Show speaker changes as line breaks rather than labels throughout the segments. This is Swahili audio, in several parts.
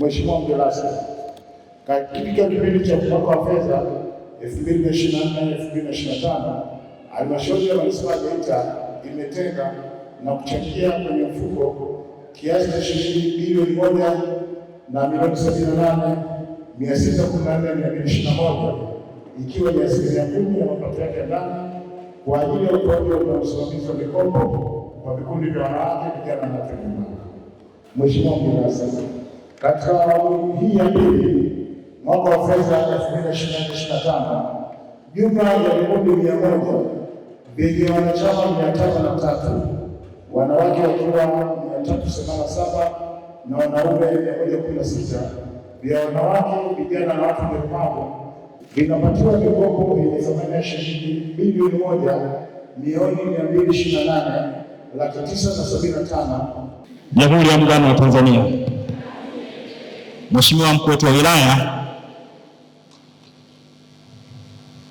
Mheshimiwa mgeni rasmi, katika kipindi cha mwaka wa fedha 2024/2025 halmashauri ya manispaa Geita imetenga na kuchangia kwenye mfuko kiasi cha shilingi bilioni moja na milioni sabini na nane mia sita kumi na nne mia mbili ishirini na moja ikiwa ni asilimia kumi ya mapato yake ya ndani kwa ajili ya utoaji na usimamizi wa mikopo kwa vikundi vya wanawake, vijana na wateja. Mheshimiwa mgeni rasmi katika awamu hii ya pili mwaka wa fedha elfu mbili na ishirini na ishirini na tano jumla ya vikundi mia moja vyenye wanachama mia tatu na tatu wanawake wakiwa mia tatu themanini na saba na wanaume mia moja kumi na sita vya wanawake, vijana na watu walemavu vinapatiwa mikopo yenye thamani ya shilingi bilioni moja milioni mia mbili ishirini na nane laki tisa na sabini na tano
Jamhuri ya Muungano wa Tanzania. Mheshimiwa mkuu wetu wa wilaya,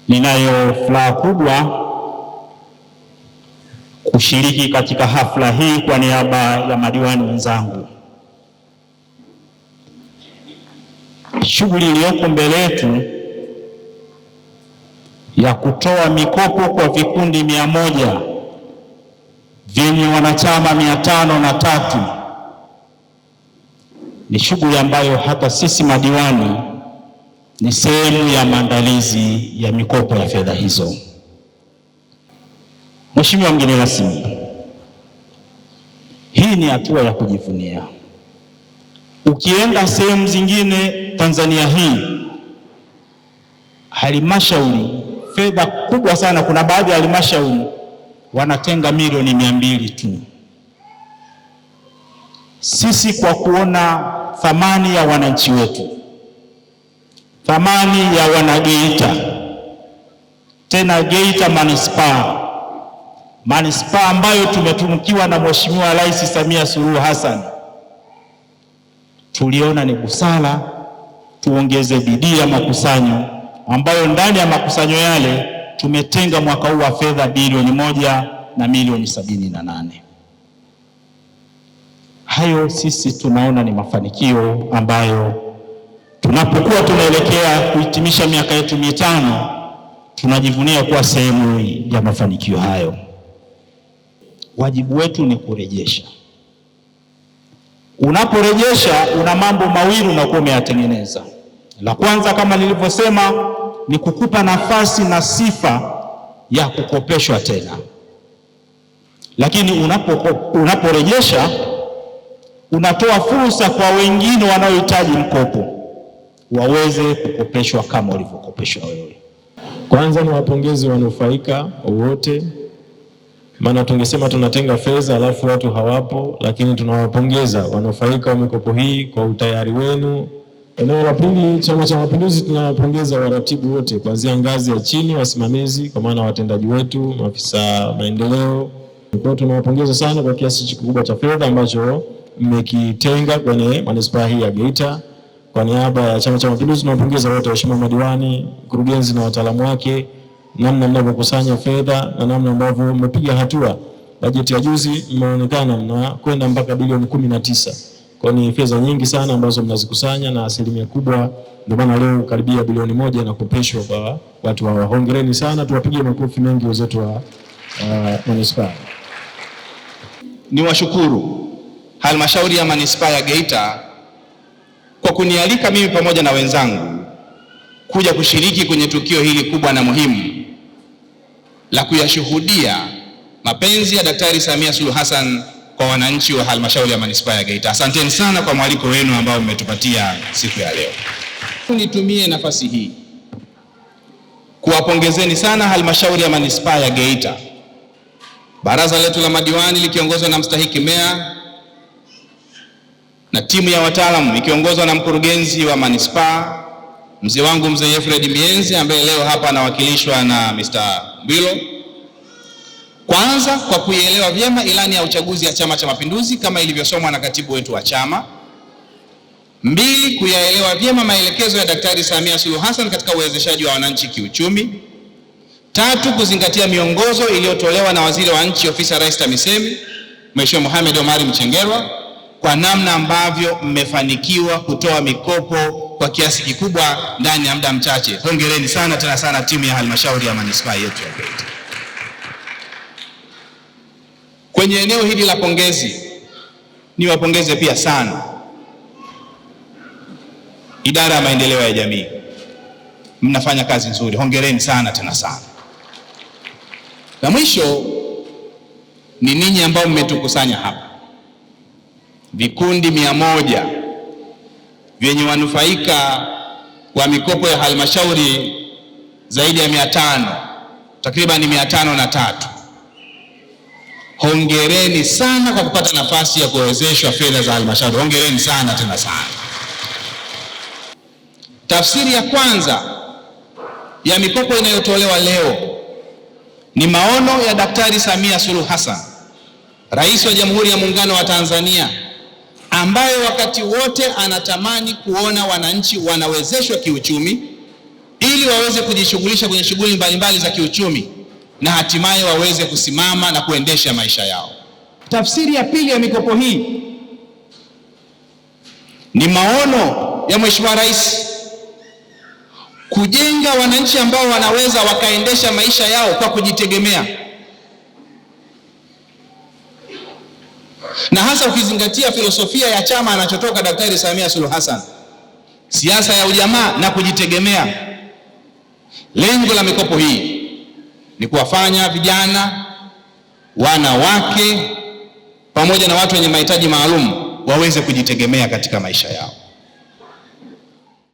ninayo furaha kubwa kushiriki katika hafla hii kwa niaba ya madiwani wenzangu. Shughuli iliyoko mbele yetu ya kutoa mikopo kwa vikundi mia moja vyenye wanachama mia tano na tatu ni shughuli ambayo hata sisi madiwani ni sehemu ya maandalizi ya mikopo ya fedha hizo. Mheshimiwa mgeni rasmi, hii ni hatua ya kujivunia. Ukienda sehemu zingine Tanzania hii, halmashauri fedha kubwa sana, kuna baadhi ya halmashauri wanatenga milioni mia mbili tu. Sisi kwa kuona thamani ya wananchi wetu, thamani ya wanageita, tena Geita manispaa, manispaa ambayo tumetunukiwa na Mheshimiwa Rais Samia Suluhu Hassan. Tuliona ni busara tuongeze bidii ya makusanyo ambayo ndani ya makusanyo yale tumetenga mwaka huu wa fedha bilioni moja na milioni sabini na nane. Hayo sisi tunaona ni mafanikio ambayo tunapokuwa tunaelekea kuhitimisha miaka yetu mitano tunajivunia kuwa sehemu ya mafanikio hayo. Wajibu wetu ni kurejesha. Unaporejesha una mambo mawili unakuwa umeyatengeneza. La kwanza kama nilivyosema, ni kukupa nafasi na sifa ya kukopeshwa tena, lakini unaporejesha unapo unatoa fursa kwa wengine wanaohitaji mkopo waweze kukopeshwa kama ulivyokopeshwa wewe.
Kwanza ni wapongezi wanufaika wote, maana tungesema tunatenga fedha alafu watu hawapo, lakini tunawapongeza wanufaika wa mikopo hii kwa utayari wenu. Eneo la pili, Chama cha Mapinduzi tunawapongeza waratibu wote kuanzia ngazi ya chini, wasimamizi kwa maana watendaji wetu, maafisa maendeleo. Kwa hiyo tunawapongeza sana kwa kiasi kikubwa cha fedha ambacho mmekitenga kwenye manispaa hii ya Geita. Kwa niaba ya Chama cha Mapinduzi, tunawapongeza wote waheshimiwa madiwani, mkurugenzi na wataalamu wake, namna mnavyokusanya fedha na namna ambavyo mmepiga hatua. Bajeti ya juzi mmeonekana mnakwenda mpaka bilioni kumi na tisa kwa ni fedha nyingi sana ambazo mnazikusanya na asilimia kubwa, ndio maana leo karibia bilioni moja inakopeshwa kwa watu hawa. Hongereni sana, tuwapige makofi mengi wenzetu wa uh, manispaa.
Ni washukuru halmashauri ya manispaa ya Geita kwa kunialika mimi pamoja na wenzangu kuja kushiriki kwenye tukio hili kubwa na muhimu la kuyashuhudia mapenzi ya Daktari Samia Suluhu Hassan kwa wananchi wa halmashauri ya manispaa ya Geita. Asanteni sana kwa mwaliko wenu ambao mmetupatia siku ya leo. Nitumie nafasi hii kuwapongezeni sana halmashauri ya manispaa ya Geita, baraza letu la madiwani likiongozwa na mstahiki meya na timu ya wataalamu ikiongozwa na mkurugenzi wa manispaa mzee wangu mzee Fred Mienzi ambaye leo hapa anawakilishwa na Mr. Mbilo. Kwanza kwa kuielewa vyema ilani ya uchaguzi ya Chama cha Mapinduzi kama ilivyosomwa na katibu wetu wa chama. Mbili, kuyaelewa vyema maelekezo ya Daktari Samia Suluhu Hassan katika uwezeshaji wa wananchi kiuchumi. Tatu, kuzingatia miongozo iliyotolewa na waziri wa nchi ofisi ya Rais TAMISEMI Mheshimiwa Mohamed omari Mchengerwa kwa namna ambavyo mmefanikiwa kutoa mikopo kwa kiasi kikubwa ndani ya muda mchache. Hongereni sana tena sana timu ya halmashauri ya manispaa yetu ya Geita. Kwenye eneo hili la pongezi, niwapongeze pia sana idara ya maendeleo ya jamii, mnafanya kazi nzuri, hongereni sana tena sana. Na mwisho ni ninyi ambao mmetukusanya hapa vikundi mia moja vyenye wanufaika wa mikopo ya halmashauri zaidi ya mia tano takribani mia tano na tatu. Hongereni sana kwa kupata nafasi ya kuwezeshwa fedha za halmashauri. Hongereni sana tena sana. Tafsiri ya kwanza ya mikopo inayotolewa leo ni maono ya Daktari Samia Suluhu Hassan, Rais wa Jamhuri ya Muungano wa Tanzania ambaye wakati wote anatamani kuona wananchi wanawezeshwa kiuchumi ili waweze kujishughulisha kwenye shughuli mbalimbali za kiuchumi na hatimaye waweze kusimama na kuendesha maisha yao. Tafsiri ya pili ya mikopo hii ni maono ya Mheshimiwa Rais kujenga wananchi ambao wanaweza wakaendesha maisha yao kwa kujitegemea. na hasa ukizingatia filosofia ya chama anachotoka Daktari Samia Suluhu Hassan, siasa ya ujamaa na kujitegemea. Lengo la mikopo hii ni kuwafanya vijana, wanawake pamoja na watu wenye mahitaji maalum waweze kujitegemea katika maisha yao.